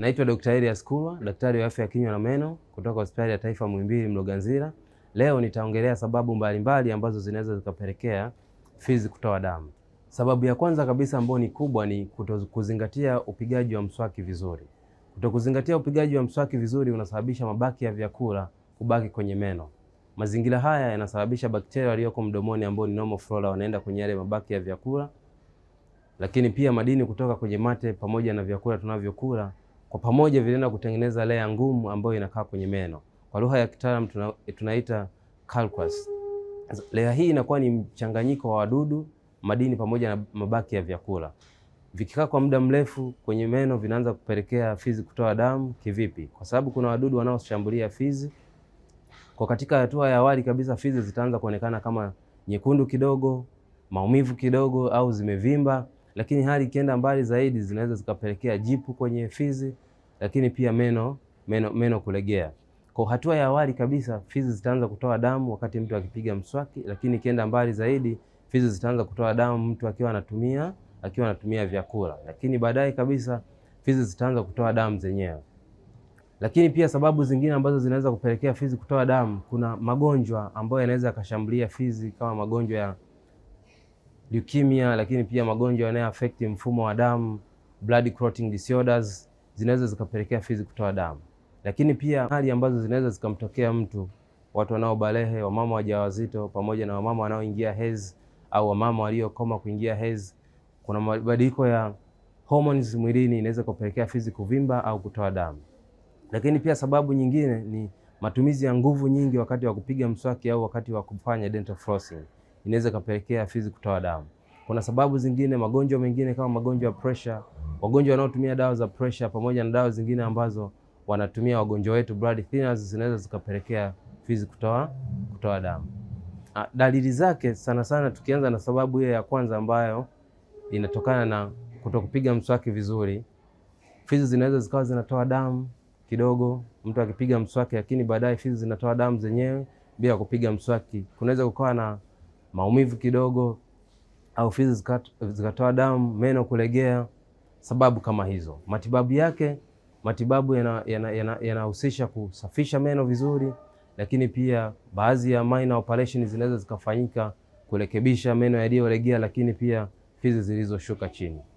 Naitwa Dr. Elias Kulwa, daktari wa afya ya kinywa na meno kutoka Hospitali ya Taifa Muhimbili Mloganzila. Leo nitaongelea sababu mbalimbali mbali ambazo zinaweza zikapelekea fizi kutoa damu. Sababu ya kwanza kabisa ambayo ni kubwa ni kutokuzingatia upigaji wa mswaki vizuri. Kutokuzingatia upigaji wa mswaki vizuri unasababisha mabaki ya vyakula kubaki kwenye meno. Mazingira haya yanasababisha bakteria walioko mdomoni ambao ni normal flora wanaenda kwenye yale mabaki ya vyakula, lakini pia madini kutoka kwenye mate pamoja na vyakula tunavyokula kwa pamoja vinaenda kutengeneza layer ngumu ambayo inakaa kwenye meno, kwa lugha ya kitaalamu tuna, tunaita calculus. Layer hii inakuwa ni mchanganyiko wa wadudu, madini pamoja na mabaki ya vyakula. Vikikaa kwa muda mrefu kwenye meno vinaanza kupelekea fizi kutoa damu. Kivipi? Kwa sababu kuna wadudu wanaoshambulia fizi. Kwa katika hatua ya awali kabisa, fizi zitaanza kuonekana kama nyekundu kidogo, maumivu kidogo, au zimevimba lakini hali ikienda mbali zaidi zinaweza zikapelekea jipu kwenye fizi, lakini pia meno, meno, meno kulegea. Kwa hatua ya awali kabisa fizi zitaanza kutoa damu wakati mtu akipiga mswaki, lakini ikienda mbali zaidi fizi zitaanza kutoa damu mtu akiwa anatumia akiwa anatumia vyakula, lakini baadaye kabisa fizi zitaanza kutoa damu zenyewe. Lakini pia sababu zingine ambazo zinaweza kupelekea fizi kutoa damu, kuna magonjwa ambayo yanaweza yakashambulia fizi kama magonjwa ya leukemia, lakini pia magonjwa yanayoaffect mfumo wa damu, blood clotting disorders zinaweza zikapelekea fizi kutoa damu, lakini pia hali ambazo zinaweza zikamtokea mtu, watu wanaobalehe, wamama wajawazito, pamoja na wamama wanaoingia hedhi au wamama waliokoma kuingia hedhi. Kuna mabadiliko ya hormones mwilini, inaweza kupelekea fizi kuvimba au kutoa damu. Lakini pia sababu nyingine ni matumizi ya nguvu nyingi wakati wa kupiga mswaki au wakati wa kufanya dental flossing inaweza kapelekea fizi kutoa damu. Kuna sababu zingine, magonjwa mengine kama magonjwa ya pressure, wagonjwa wanaotumia dawa za pressure pamoja na dawa zingine ambazo wanatumia wagonjwa wetu blood thinners zinaweza zikapelekea fizi kutoa kutoa damu. A, ah, dalili zake sana sana, tukianza na sababu hiyo ya kwanza ambayo inatokana na kutokupiga mswaki vizuri, fizi zinaweza zikawa zinatoa damu kidogo, mtu akipiga mswaki, lakini baadaye fizi zinatoa damu zenyewe bila kupiga mswaki. Kunaweza kukawa na maumivu kidogo, au fizi zikatoa damu, meno kulegea, sababu kama hizo. Matibabu yake matibabu yanahusisha yana, yana, yana kusafisha meno vizuri, lakini pia baadhi ya minor operation zinaweza zikafanyika kurekebisha meno yaliyolegea, lakini pia fizi zilizoshuka chini.